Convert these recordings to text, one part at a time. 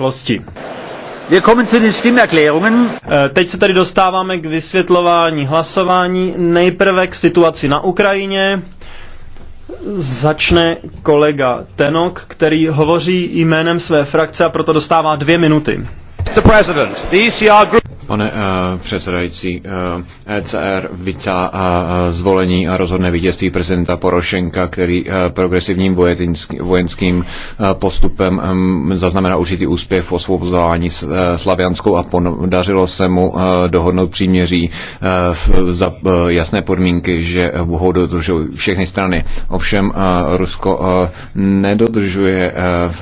rychlosti. Eh, teď se tady dostáváme k vysvětlování hlasování. Nejprve k situaci na Ukrajině. Začne kolega Tenok, který hovoří jménem své frakce a proto dostává dvě minuty. E Pane uh, předsedající, uh, eh, ECR vítá uh, zvolení a rozhodné vítězství prezidenta Porošenka, který uh, progresivním vojenským uh, postupem um, mm, zaznamenal určitý úspěch v osvobozování uh, Slavianskou a podařilo se mu uh, dohodnout příměří uh, za uh, jasné podmínky, že ho dodržují všechny strany. Ovšem uh, Rusko uh, nedodržuje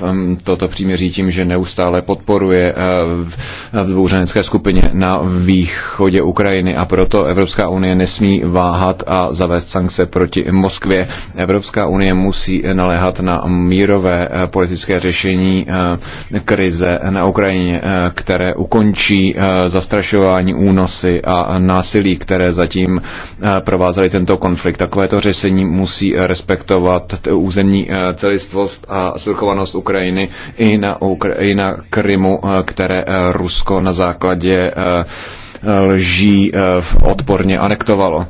uh, toto příměří tím, že neustále podporuje uh, v, v dvouřenecké skupině na východě Ukrajiny a proto Evropská unie nesmí váhat a zavést sankce proti Moskvě. Evropská unie musí naléhat na mírové eh, politické řešení eh, krize na Ukrajině, eh, které ukončí zastrašování, únosy a násilí, které zatím provázely tento konflikt. Takovéto řešení musí respektovat územní celistvost a svrchovanost Ukrajiny i na, Ukra- i na Krymu, které Rusko na základě Eh, lží eh, odborně anektovalo.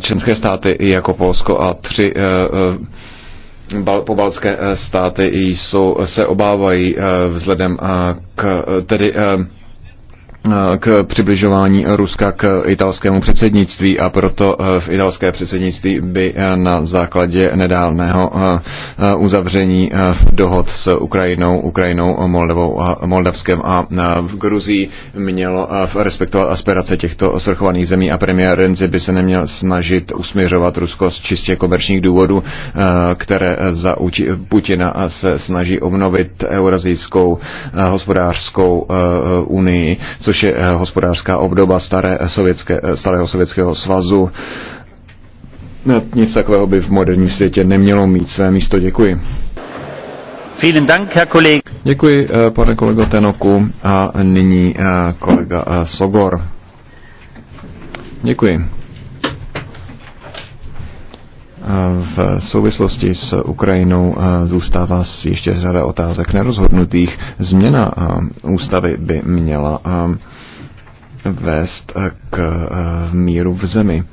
Členské státy jako Polsko a tři eh, bal, pobaltské státy jsou, se obávají vzhledem k tedy k přibližování Ruska k italskému předsednictví a proto eh, v italské předsednictví by eh, na základě nedávného eh, uzavření dohod s Ukrajinou, Ukrajinou, Moldavou Moldavskem a v Gruzí mělo respektovat aspirace těchto svrchovaných zemí a premiér Renzi by se neměl snažit usměřovat Rusko z čistě komerčních důvodů, které za Putina se snaží obnovit eurazijskou hospodářskou unii, což je eh, hospodářská obdoba staré eh, sovětské, eh, starého sovětského svazu. No, nic takového by v moderním světě nemělo mít své místo. Děkuji. Děkuji, pane kolego Tenoku. A nyní kolega Sogor. Děkuji v souvislosti s Ukrajinou eh, zůstává ještě řada otázek nerozhodnutých. Změna eh, ústavy by měla eh, vést k míru v zemi.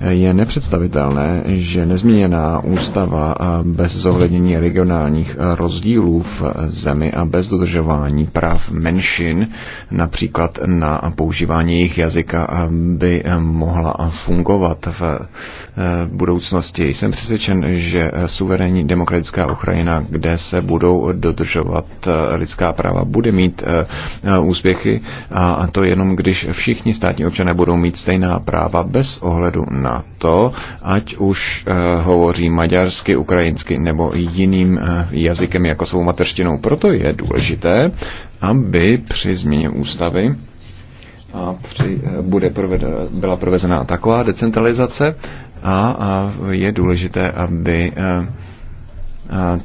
Je nepředstavitelné, že nezměněná ústava bez zohlednění regionálních rozdílů v zemi a bez dodržování práv menšin, například na používání jejich jazyka, by mohla fungovat v eh, budoucnosti. Jsem přesvědčen, že suverénní demokratická Ukrajina, kde se budou dodržovat eh, lidská práva, bude mít eh, úspěchy a to jenom, když všichni státní občané budou mít stejná práva bez ohledu na na to, ať už eh, hovoří maďarsky, ukrajinsky nebo jiným eh, jazykem jako svou mateřštinou. Proto je důležité, aby při změně ústavy a při, eh, bude provede, byla provezená taková decentralizace a, a je důležité, aby uh, uh,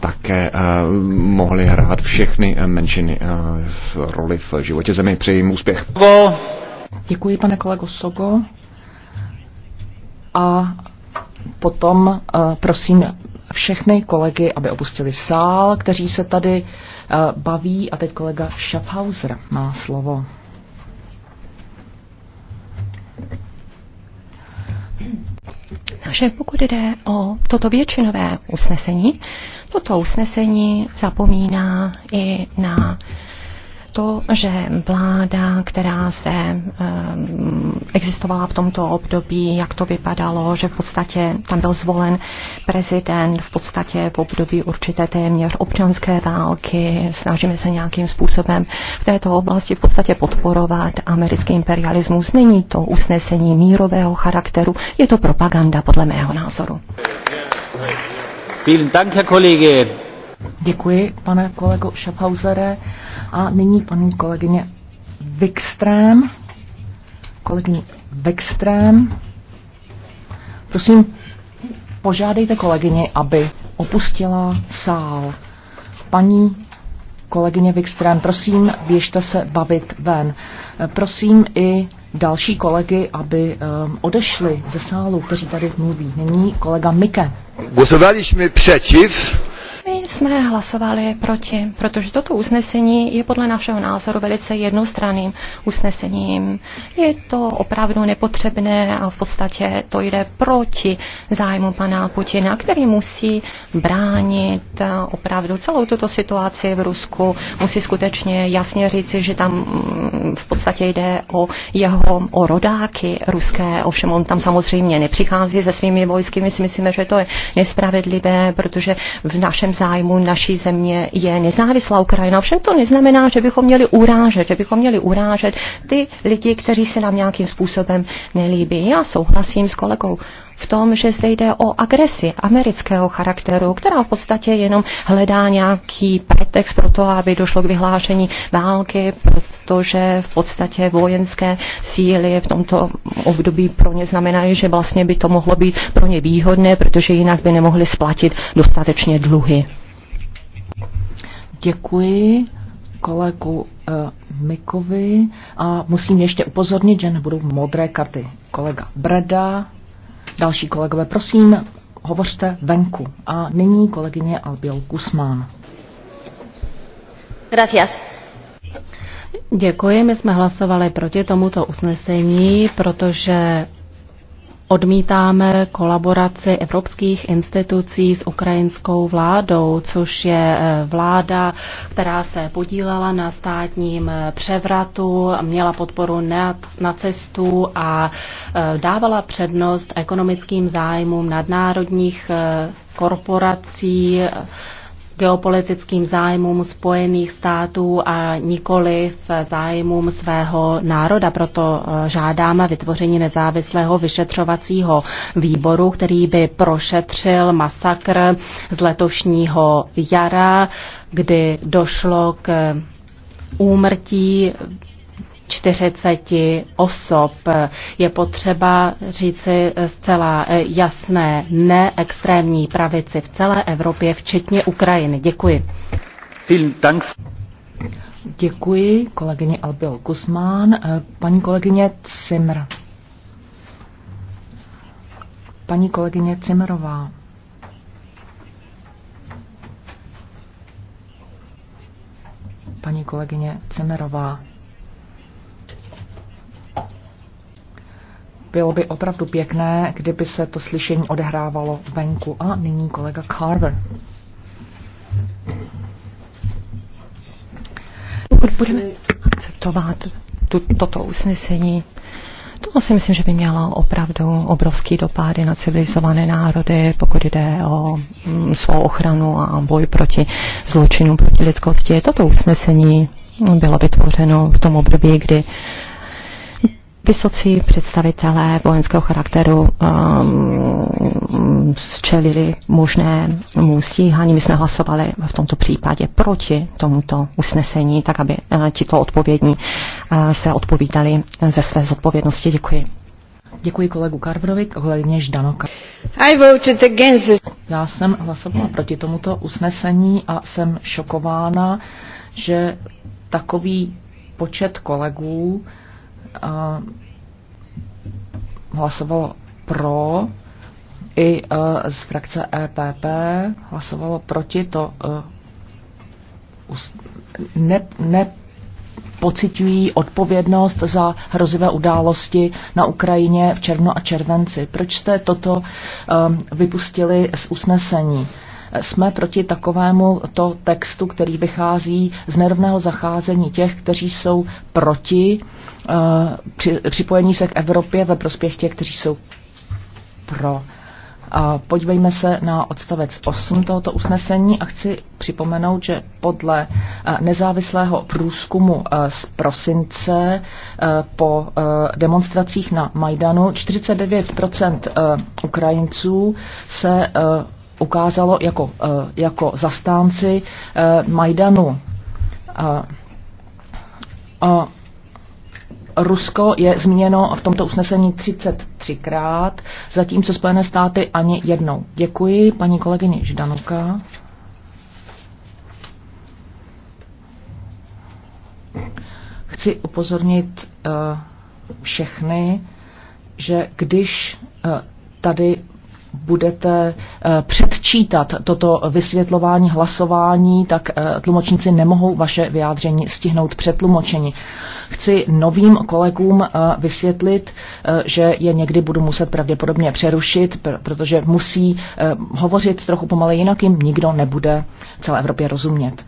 také mohly hrát všechny menšiny v roli v životě zemi. Přeji jim úspěch. Děkuji, pane kolego Sogo a potom eh, prosím všechny kolegy, aby opustili sál, kteří se tady eh, baví. A teď kolega Schaffhauser má slovo. Takže pokud jde o toto většinové usnesení, toto usnesení zapomíná i na uh, to, že vláda, která se eh, existovala v tomto období, jak to vypadalo, že v podstatě tam byl zvolen prezident v podstatě v období určité téměř občanské války, snažíme se nějakým způsobem v této oblasti v podstatě podporovat americký imperialismus. Není to usnesení mírového charakteru, je to propaganda podle mého názoru. Děkuji, pane kolego Schaffhausere. A nyní paní kolegyně Vikstrém. Kolegyně Vikstrém. Prosím, požádejte kolegyně, aby opustila sál. Paní kolegyně Vikstrém, prosím, běžte se bavit ven. Prosím i další kolegy, aby um, odešli ze sálu, kteří tady mluví. Nyní kolega Mike. Głosowaliśmy przeciw jsme hlasovali proti, protože toto usnesení je podle našeho názoru velice jednostranným usnesením. Je to opravdu nepotřebné a v podstatě to jde proti zájmu pana Putina, který musí bránit eh, opravdu celou tuto situaci v Rusku. Musí skutečně jasně říci, že tam mm, v podstatě jde o jeho o rodáky ruské. Ovšem on tam samozřejmě nepřichází se svými vojsky. My si myslíme, že to je nespravedlivé, protože v našem zájmu tomu naší země je nezávislá Ukrajina. Ovšem to neznamená, že bychom měli urážet, že bychom měli urážet ty lidi, kteří se nám nějakým způsobem nelíbí. Já souhlasím s kolegou v tom, že zde jde o agresi amerického charakteru, která v podstatě jenom hledá nějaký pretext pro to, aby došlo k vyhlášení války, protože v podstatě vojenské síly v tomto období pro ně znamenají, že vlastně by to mohlo být pro ně výhodné, protože jinak by nemohli splatit dostatečně dluhy. Děkuji kolegu eh, Mikovi a musím ještě upozornit, že nebudou modré karty. Kolega Breda, další kolegové, prosím, hovořte venku. A nyní kolegyně Albiol Kusmán. Gracias. Děkuji, my jsme hlasovali proti tomuto usnesení, protože odmítáme kolaboraci evropských institucí s ukrajinskou vládou, což je eh, vláda, která se podílela na státním eh, převratu, měla podporu nacistů a eh, dávala přednost ekonomickým zájmům nadnárodních korporací, geopolitickým zájmům Spojených států a nikoli v zájmům svého národa. Proto eh, žádáme vytvoření nezávislého vyšetřovacího výboru, který by prošetřil masakr z letošního jara, kdy došlo k úmrtí 40 osob. Je potřeba říci zcela eh, jasné ne extrémní pravici v celé Evropě, včetně Ukrajiny. Děkuji. Děkuji kolegyně Albil Guzmán. Eh, paní kolegyně Cimr. Paní kolegyně Cimrová. Paní kolegyně Cimerová. Bylo by opravdu pěkné, kdyby se to slyšení odehrávalo venku. A nyní kolega Carver. Pokud budeme akceptovat toto usnesení, to si myslím, že by mělo opravdu obrovský dopady na civilizované národy, pokud jde o mm, svou ochranu a boj proti zločinům, proti lidskosti. Toto usnesení bylo vytvořeno v tom období, kdy Vysocí představitelé vojenského charakteru um, čelili musí, stíhání. My jsme hlasovali v tomto případě proti tomuto usnesení, tak aby uh, tito odpovědní uh, se odpovídali ze své zodpovědnosti. Děkuji. Děkuji kolegu Karbrovi, ohledně Ždanoka. I voted against this. Já jsem hlasovala proti tomuto usnesení a jsem šokována, že takový počet kolegů uh, Eh, hlasovalo pro, i eh, z frakce EPP hlasovalo proti, to eh, ne, ne pocitují odpovědnost za hrozivé události na Ukrajině v červnu a červenci. Proč jste toto um, vypustili z usnesení? jsme proti takovému to textu, který vychází z nerovného zacházení těch, kteří jsou proti eh, při, připojení se k Evropě ve prospěch těch, kteří jsou pro. A podívejme se na odstavec 8 tohoto usnesení a chci připomenout, že podle eh, nezávislého průzkumu eh, z prosince po demonstracích na Majdanu 49 Ukrajinců se ukázalo jako, eh, jako zastánci eh, Majdanu. A, eh, a Rusko je zmíněno v tomto usnesení 33krát, zatímco Spojené státy ani jednou. Děkuji paní kolegyni Ždanuka. Chci upozornit všechny, že když tady budete eh, předčítat toto vysvětlování hlasování, tak eh, tlumočníci nemohou vaše vyjádření stihnout přetlumočení. Chci novým kolegům eh, vysvětlit, že je někdy budu muset pravděpodobně přerušit, protože musí hovořit trochu pomaleji, jinak jim nikdo nebude celé Evropě rozumět.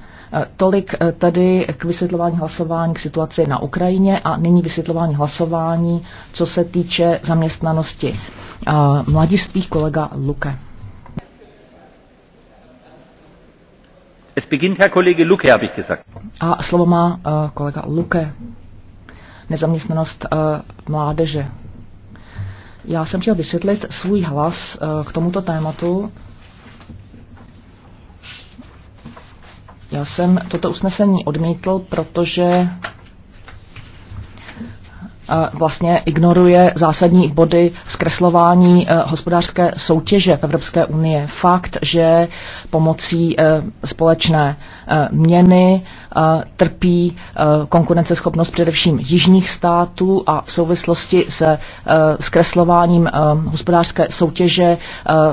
Tolik tedy k vysvětlování hlasování k situaci na Ukrajině a nyní vysvětlování hlasování, co se týče zaměstnanosti mladistvý kolega Luke. Es beginnt Herr Kollege Luke, habe ich gesagt. A slovo má uh, kolega Luke. Nezaměstnanost uh, mládeže. Já jsem chtěl vysvětlit svůj hlas uh, k tomuto tématu. Já jsem toto usnesení odmítl, protože Eh, vlastně ignoruje zásadní body zkreslování eh, hospodářské soutěže v Evropské unie. Fakt, že pomocí eh, společné měny trpí konkurenceschopnost především jižních států a v souvislosti se zkreslováním hospodářské soutěže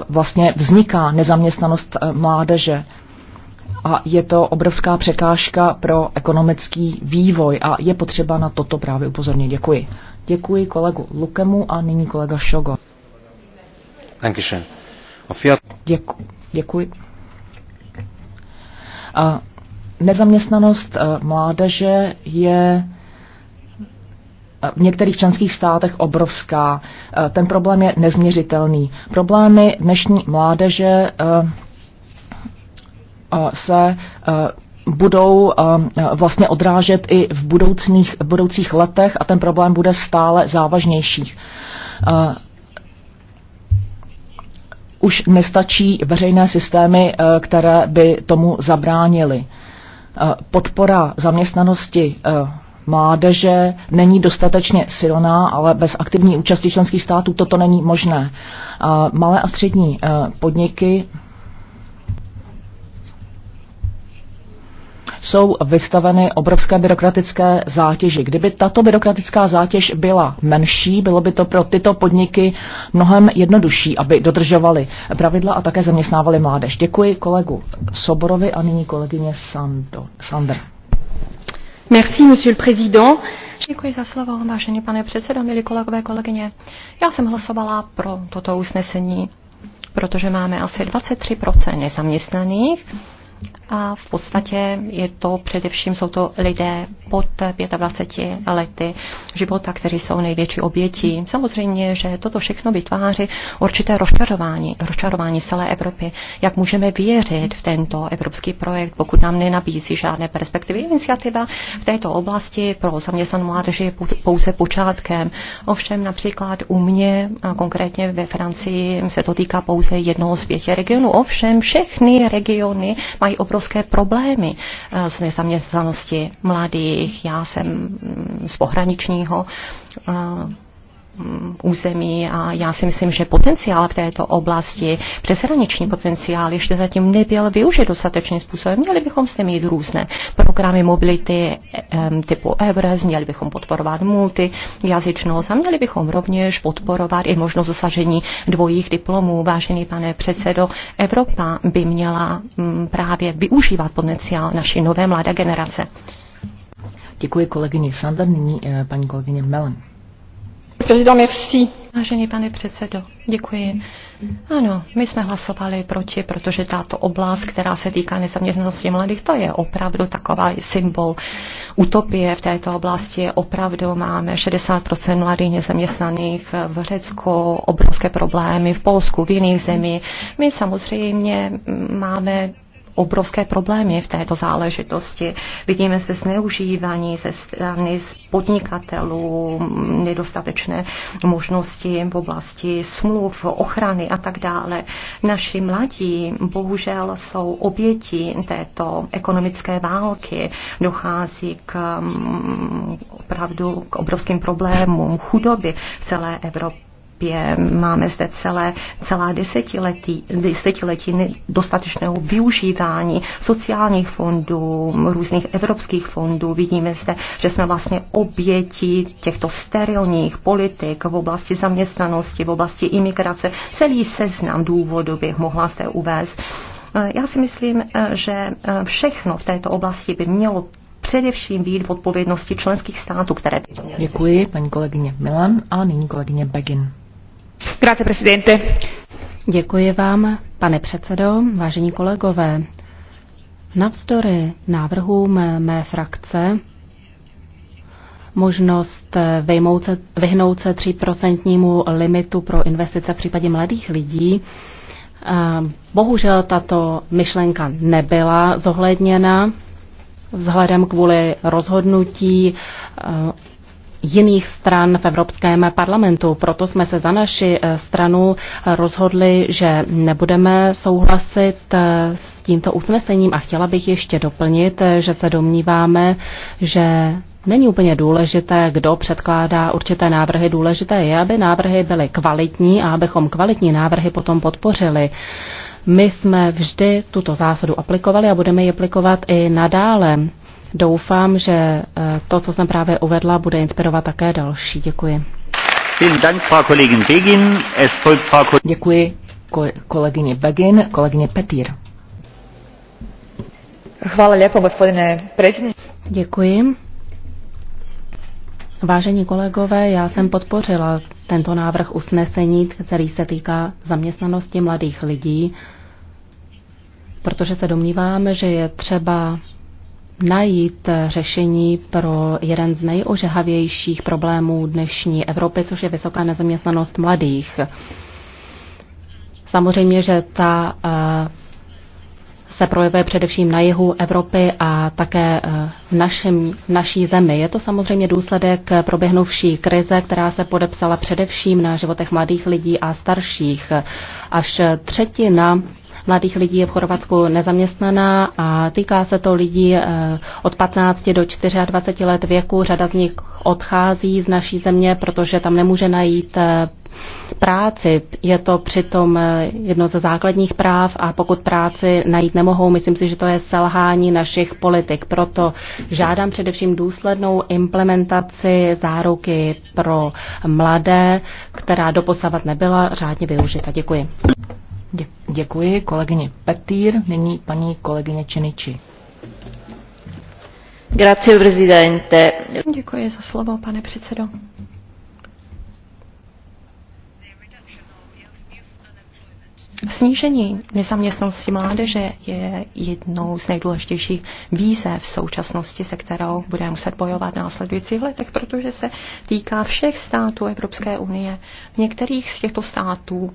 vlastně vzniká nezaměstnanost mládeže a je to obrovská překážka pro ekonomický vývoj a je potřeba na toto právě upozornit. Děkuji. Děkuji kolegu Lukemu a nyní kolega Šogo. Děku, děkuji. A nezaměstnanost eh, mládeže je eh, v některých členských státech obrovská. Eh, ten problém je nezměřitelný. Problémy dnešní mládeže se e, budou e, vlastně odrážet i v budoucích, budoucích letech a ten problém bude stále závažnější. E, už nestačí veřejné systémy, které by tomu zabránily. Podpora zaměstnanosti mládeže není dostatečně silná, ale bez aktivní účasti členských států toto není možné. Malé a střední podniky jsou vystaveny obrovské byrokratické zátěži. Kdyby tato byrokratická zátěž byla menší, bylo by to pro tyto podniky mnohem jednodušší, aby dodržovali pravidla a také zaměstnávali mládež. Děkuji kolegu Soborovi a nyní kolegyně Sando, Sander. Merci, monsieur le président. Děkuji za slovo, vážený pane předsedo, milí kolegové, kolegyně. Já jsem hlasovala pro toto usnesení, protože máme asi 23% nezaměstnaných a v podstatě je to především, jsou to lidé pod 25 lety života, kteří jsou největší obětí. Samozřejmě, že toto všechno vytváří určité rozčarování, rozčarování celé Evropy. Jak můžeme věřit v tento evropský projekt, pokud nám nenabízí žádné perspektivy? Iniciativa v této oblasti pro zaměstnan mládeže je pouze počátkem. Ovšem například u mě, konkrétně ve Francii, se to týká pouze jednoho z pěti regionů. Ovšem všechny regiony mají mají obrovské problémy eh, s nezaměstnaností mladých. Já jsem mm, z pohraničního eh, Mm, území a já si myslím, že potenciál v této oblasti, přeshraniční potenciál, ještě zatím nebyl využit dostatečným způsobem. Měli bychom tím mít různé programy mobility typu Everest, měli bychom podporovat multijazyčnost a měli bychom rovněž podporovat i možnost dosažení dvojích diplomů. Vážený pane předsedo, Evropa by měla mm, právě využívat potenciál naší nové mladé generace. Děkuji kolegyni Sandra, nyní eh, paní kolegyně Melen président, merci. Vážený pane předsedo, děkuji. Ano, my jsme hlasovali proti, protože tato oblast, která se týká nezaměstnanosti mladých, to je opravdu taková symbol utopie v této oblasti. Opravdu máme 60% mladých nezaměstnaných v Řecku, obrovské problémy v Polsku, v jiných zemích. My samozřejmě máme obrovské problémy v této záležitosti. Vidíme se zneužívání ze strany podnikatelů, nedostatečné možnosti v oblasti smluv, ochrany a tak dále. Naši mladí bohužel jsou oběti této ekonomické války. Dochází k mm, opravdu k obrovským problémům chudoby v celé Evropě Evropě. Máme zde celé, celá desetiletí, desetiletí dostatečného využívání sociálních fondů, různých evropských fondů. Vidíme zde, že jsme vlastně oběti těchto sterilních politik v oblasti zaměstnanosti, v oblasti imigrace. Celý seznam důvodů bych mohla zde uvést. Já si myslím, že všechno v této oblasti by mělo především být v odpovědnosti členských států, které by měly. Děkuji, paní kolegyně Milan a nyní kolegyně Begin. Grazie, presidente. Děkuji vám, pane předsedo, vážení kolegové. Navzdory návrhům mé frakce možnost vyhnout se, vyhnout se 3% limitu pro investice v případě mladých lidí. Bohužel tato myšlenka nebyla zohledněna vzhledem kvůli rozhodnutí jiných stran v Evropském parlamentu. Proto jsme se za naši eh, stranu rozhodli, že nebudeme souhlasit eh, s tímto usnesením a chtěla bych ještě doplnit, eh, že se domníváme, že Není úplně důležité, kdo předkládá určité návrhy. Důležité je, aby návrhy byly kvalitní a abychom kvalitní návrhy potom podpořili. My jsme vždy tuto zásadu aplikovali a budeme ji aplikovat i nadále. Doufám, že eh, to, co jsem právě uvedla, bude inspirovat také další. Děkuji. Děkuji kolegyně Begin, kolegyně Petýr. Chvále lijepo, gospodine prezident. Děkuji. Vážení kolegové, já jsem podpořila tento návrh usnesení, který se týká zaměstnanosti mladých lidí, protože se domníváme, že je třeba najít řešení pro jeden z nejožehavějších problémů dnešní Evropy, což je vysoká nezaměstnanost mladých. Samozřejmě, že ta eh, se projevuje především na jihu Evropy a také eh, v, našem, v naší zemi. Je to samozřejmě důsledek proběhnuvší krize, která se podepsala především na životech mladých lidí a starších. Až třetina mladých lidí je v Chorvatsku nezaměstnaná a týká se to lidí eh, od 15 do 24 let věku. Řada z nich odchází z naší země, protože tam nemůže najít eh, práci. Je to přitom eh, jedno ze základních práv a pokud práci najít nemohou, myslím si, že to je selhání našich politik. Proto žádám především důslednou implementaci záruky pro mladé, která doposavat nebyla řádně využita. Děkuji. Děkuji kolegyně Petýr, nyní paní kolegyně Čeniči. Grazie, prezidente. Děkuji za slovo, pane předsedo. Snížení nezaměstnanosti mládeže je jednou z nejdůležitějších výzev v současnosti, se kterou budeme muset bojovat následujících letech, protože se týká všech států Evropské unie. V některých z těchto států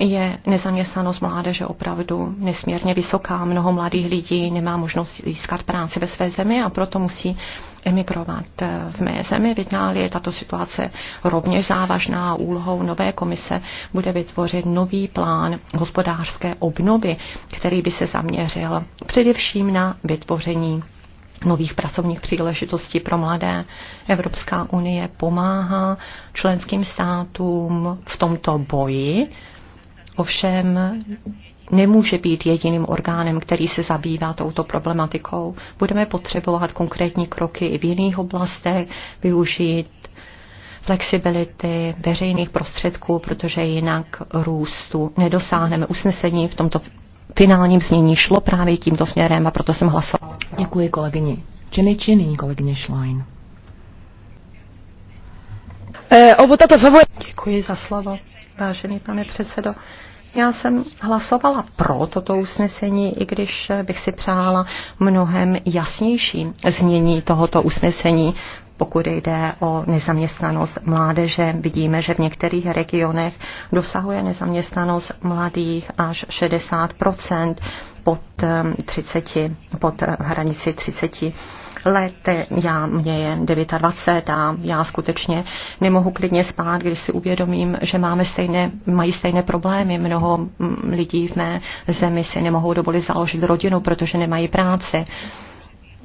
je nezaměstnanost mládeže opravdu nesmírně vysoká. Mnoho mladých lidí nemá možnost získat práci ve své zemi a proto musí emigrovat. Eh, v mé zemi v Itálii je tato situace rovněž závažná úlohou nové komise bude vytvořit nový plán hospodářské obnovy, který by se zaměřil především na vytvoření nových pracovních příležitostí pro mladé. Evropská unie pomáhá členským státům v tomto boji, ovšem nemůže být jediným orgánem, který se zabývá touto problematikou. Budeme potřebovat konkrétní kroky i v jiných oblastech, využít flexibility veřejných prostředků, protože jinak růstu nedosáhneme. Usnesení v tomto finálním znění šlo právě tímto směrem a proto jsem hlasovala. Děkuji kolegyni či nyní kolegyně Schlein. Eh, Děkuji za slovo, vážený pane předsedo. Já jsem hlasovala pro toto usnesení, i když bych si přála mnohem jasnější znění tohoto usnesení. Pokud jde o nezaměstnanost mládeže, vidíme, že v některých regionech dosahuje nezaměstnanost mladých až 60 pod, 30, ehm, pod ehm, hranici 30 let, já, mě je 29 a já skutečně nemohu klidně spát, když si uvědomím, že máme stejné, mají stejné problémy. Mnoho lidí v mé zemi si nemohou dovolit založit rodinu, protože nemají práci.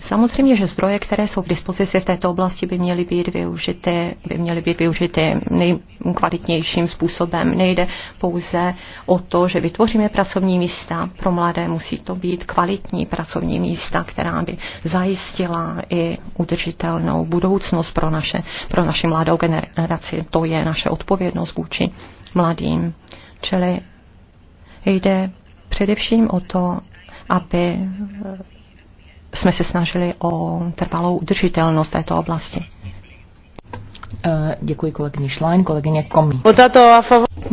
Samozřejmě, že zdroje, které jsou k dispozici v této oblasti, by měly být využity, by měly být využity nejkvalitnějším způsobem. Nejde pouze o to, že vytvoříme pracovní místa pro mladé, musí to být kvalitní pracovní místa, která by zajistila i udržitelnou budoucnost pro, naše, pro naši mladou generaci. To je naše odpovědnost vůči mladým. Čili jde především o to, aby jsme se snažili o trvalou udržitelnost této oblasti. Eh, děkuji kolegyni Schlein, kolegyně Komí.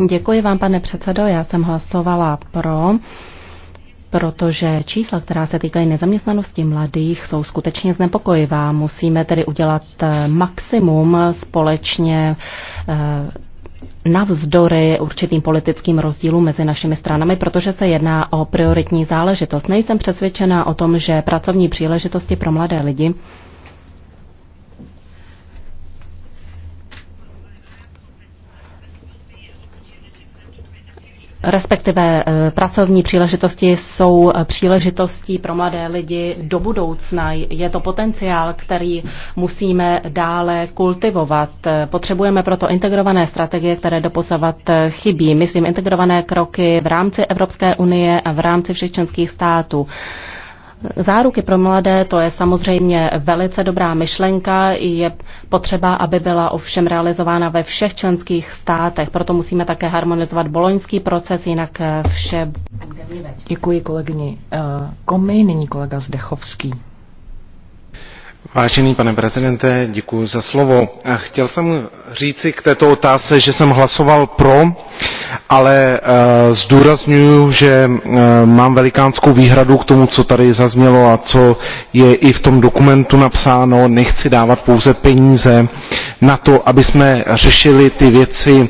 Děkuji vám, pane předsedo. Já jsem hlasovala pro, protože čísla, která se týkají nezaměstnanosti mladých, jsou skutečně znepokojivá. Musíme tedy udělat eh, maximum společně eh, navzdory určitým politickým rozdílům mezi našimi stranami, protože se jedná o prioritní záležitost. Nejsem přesvědčena o tom, že pracovní příležitosti pro mladé lidi respektive eh, pracovní příležitosti jsou eh, příležitostí pro mladé lidi do budoucna. Je to potenciál, který musíme dále kultivovat. Eh, potřebujeme proto integrované strategie, které doposavat chybí. Myslím integrované kroky v rámci Evropské unie a v rámci všech členských států. Záruky pro mladé, to je samozřejmě velice dobrá myšlenka, je potřeba, aby byla ovšem realizována ve všech členských státech, proto musíme také harmonizovat boloňský proces, jinak eh, vše... Děkuji kolegyni eh, Komi, nyní kolega Zdechovský. Vážený pane prezidente, děkuji za slovo. Chtěl jsem říci k této otázce, že jsem hlasoval pro, ale e, eh, zdůraznuju, že e, mám velikánskou výhradu k tomu, co tady zaznělo a co je i v tom dokumentu napsáno. Nechci dávat pouze peníze na to, aby jsme řešili ty věci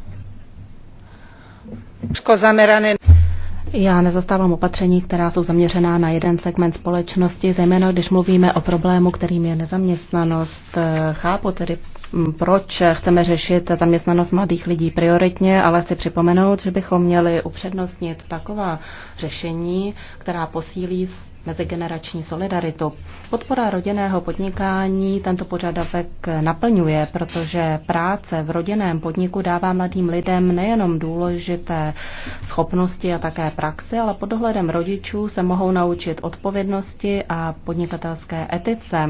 Já nezastávám opatření, která jsou zaměřená na jeden segment společnosti, zejména když mluvíme o problému, kterým je nezaměstnanost. Chápu tedy, mm, proč chceme řešit zaměstnanost mladých lidí prioritně, ale chci připomenout, že bychom měli upřednostnit taková řešení, která posílí mezigenerační solidaritu. Podpora rodinného podnikání tento požadavek naplňuje, protože práce v rodinném podniku dává mladým lidem nejenom důležité schopnosti a také praxi, ale pod dohledem rodičů se mohou naučit odpovědnosti a podnikatelské etice.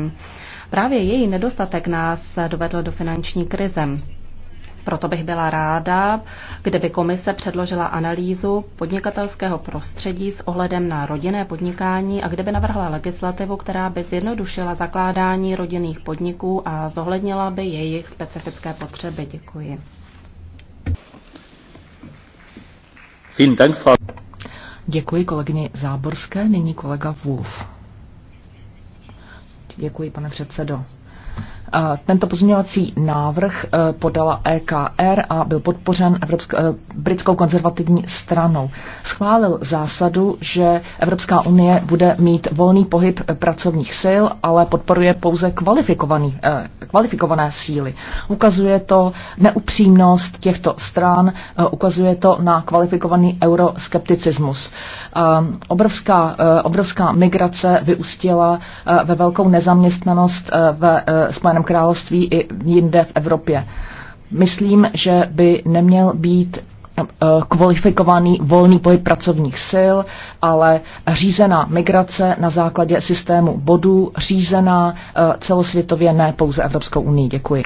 Právě její nedostatek nás dovedl do finanční krize. Proto bych byla ráda, kdyby komise předložila analýzu podnikatelského prostředí s ohledem na rodinné podnikání a kdyby navrhla legislativu, která by zjednodušila zakládání rodinných podniků a zohlednila by jejich specifické potřeby. Děkuji. Děkuji kolegyni Záborské, nyní kolega Wolf. Děkuji, pane předsedo. Tento pozměňovací návrh e, podala EKR a byl podpořen Evropsk- e, britskou konzervativní stranou. Schválil zásadu, že Evropská unie bude mít volný pohyb pracovních sil, ale podporuje pouze kvalifikovaný, e, kvalifikované síly. Ukazuje to neupřímnost těchto stran, ukazuje to na kvalifikovaný euroskepticismus. Obrovská, obrovská migrace vyústila ve velkou nezaměstnanost ve Spojeném Spojeném království i jinde v Evropě. Myslím, že by neměl být eh, kvalifikovaný volný pohyb pracovních sil, ale řízená migrace na základě systému bodů, řízená eh, celosvětově, ne pouze Evropskou unii. Děkuji.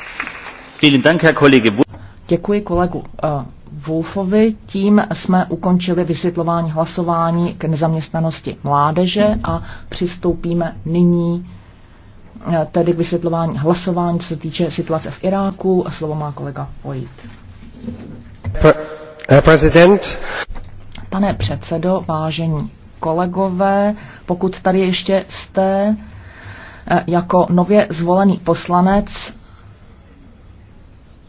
Děkuji kolegu eh, Wolfovi. Tím jsme ukončili vysvětlování hlasování k nezaměstnanosti mládeže a přistoupíme nyní Eh, tedy k vysvětlování hlasování, co se týče situace v Iráku. A slovo má kolega Vojt. president. Eh, Pane předsedo, vážení kolegové, pokud tady ještě jste eh, jako nově zvolený poslanec,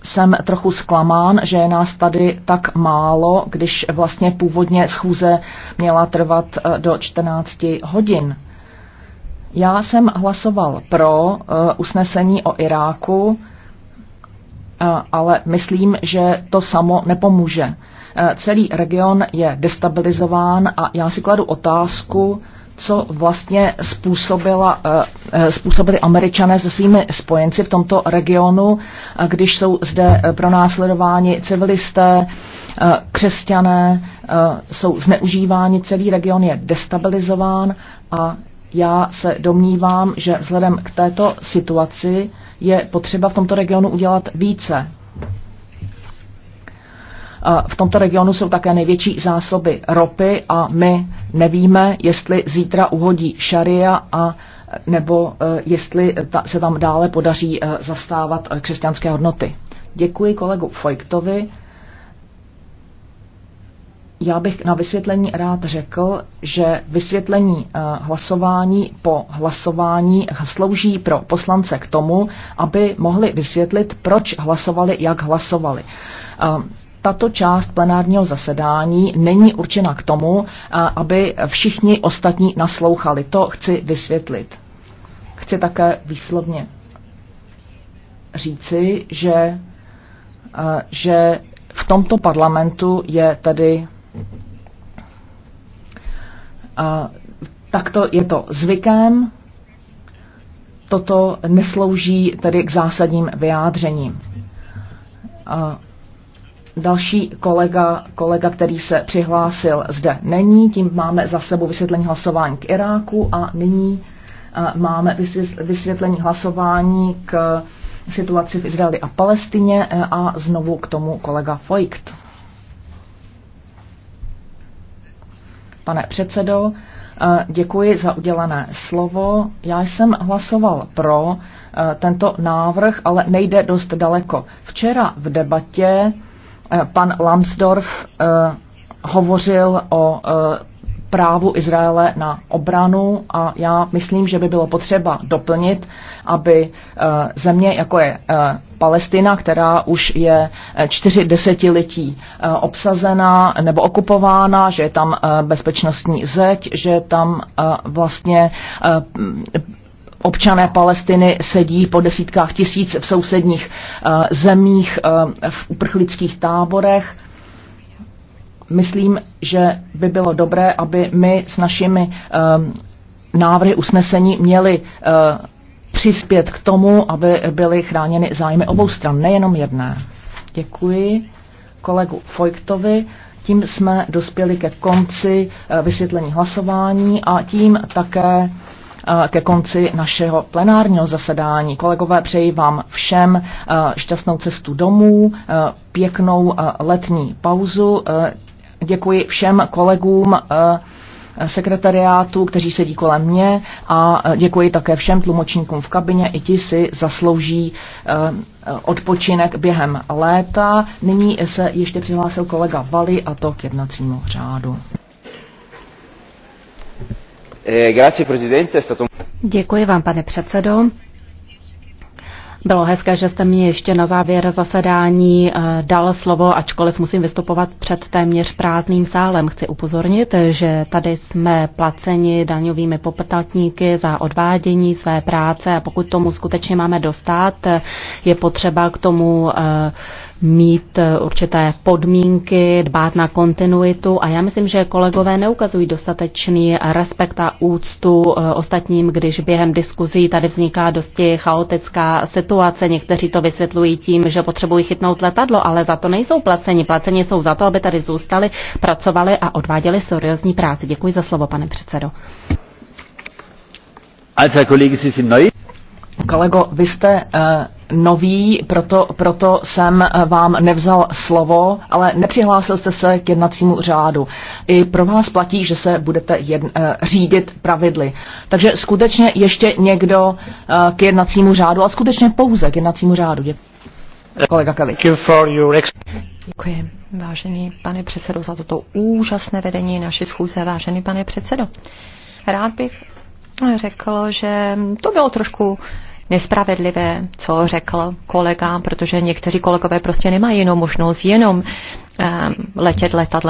jsem trochu zklamán, že je nás tady tak málo, když vlastně původně schůze měla trvat do 14 hodin. Já jsem hlasoval pro uh, usnesení o Iráku, uh, ale myslím, že to samo nepomůže. Uh, celý region je destabilizován a já si kladu otázku, co vlastně způsobila, způsobili američané se svými spojenci v tomto regionu, když jsou zde pronásledováni civilisté, křesťané, jsou zneužíváni, celý region je destabilizován a já se domnívám, že vzhledem k této situaci je potřeba v tomto regionu udělat více. V tomto regionu jsou také největší zásoby ropy a my nevíme, jestli zítra uhodí šaria a nebo e, jestli ta, se tam dále podaří e, zastávat e, křesťanské hodnoty. Děkuji kolegu Fojktovi. Já bych na vysvětlení rád řekl, že vysvětlení eh, hlasování po hlasování slouží pro poslance k tomu, aby mohli vysvětlit, proč hlasovali, jak hlasovali eh, tato část plenárního zasedání není určena k tomu, eh, aby všichni ostatní naslouchali. To chci vysvětlit. Chci také výslovně říci, že, že v tomto parlamentu je tedy Takto je to zvykem. Toto neslouží tedy k zásadním vyjádřením. Další kolega, kolega, který se přihlásil, zde není. Tím máme za sebou vysvětlení hlasování k Iráku a nyní máme vysvětlení hlasování k situaci v Izraeli a Palestině a znovu k tomu kolega Feucht. Pane předsedo, eh, děkuji za udělané slovo. Já jsem hlasoval pro eh, tento návrh, ale nejde dost daleko. Včera v debatě eh, pan Lambsdorff hovořil o právu Izraele na obranu a já myslím, že by bylo potřeba doplnit, aby eh, země, jako je eh, Palestina, která už je eh, čtyři desetiletí obsazená nebo okupována, že je tam bezpečnostní zeď, že tam vlastně občané Palestiny sedí po desítkách tisíc v sousedních zemích v uprchlických táborech myslím, že by bylo dobré, aby my s našimi ehm, návrhy usnesení měli eh, přispět k tomu, aby byly chráněny zájmy obou stran, nejenom jedné. Děkuji kolegu Fojktovi. Tím jsme dospěli ke konci eh, vysvětlení hlasování a tím také eh, ke konci našeho plenárního zasedání. Kolegové, přeji vám všem šťastnou cestu domů, pěknou letní pauzu děkuji všem kolegům eh, sekretariátu, kteří sedí kolem mě a eh, děkuji také všem tlumočníkům v kabině. I ti si zaslouží eh, odpočinek během léta. Nyní se ještě přihlásil kolega Vali a to k jednacímu řádu. Děkuji vám, pane předsedo. Bylo hezké, že jste mi ještě na závěr zasedání eh, dal slovo, ačkoliv musím vystupovat před téměř prázdným sálem. Chci upozornit, že tady jsme placeni daňovými poplatníky za odvádění své práce a pokud tomu skutečně máme dostat, eh, je potřeba k tomu uh, mít eh, určité podmínky, dbát na kontinuitu a já myslím, že kolegové neukazují dostatečný respekt a úctu eh, ostatním, když během diskuzí tady vzniká dosti chaotická situace. Někteří to vysvětlují tím, že potřebují chytnout letadlo, ale za to nejsou placeni. Placeni jsou za to, aby tady zůstali, pracovali a odváděli seriózní práci. Děkuji za slovo, pane předsedo. Alter Kolego, vy jste uh, nový, proto, proto jsem eh, vám nevzal slovo, ale nepřihlásil jste se k jednacímu řádu. I pro vás platí, že se budete jedn, eh, řídit pravidly. Takže skutečně ještě někdo eh, k jednacímu řádu, ale skutečně pouze k jednacímu řádu. Kolega Kelly. Děkuji, vážený pane předsedo, za toto úžasné vedení naší schůze, vážený pane předsedo. Rád bych řekl, že to bylo trošku nespravedlivé, co řekl kolega, protože někteří kolegové prostě nemají jinou možnost jenom ehm, letět letadlem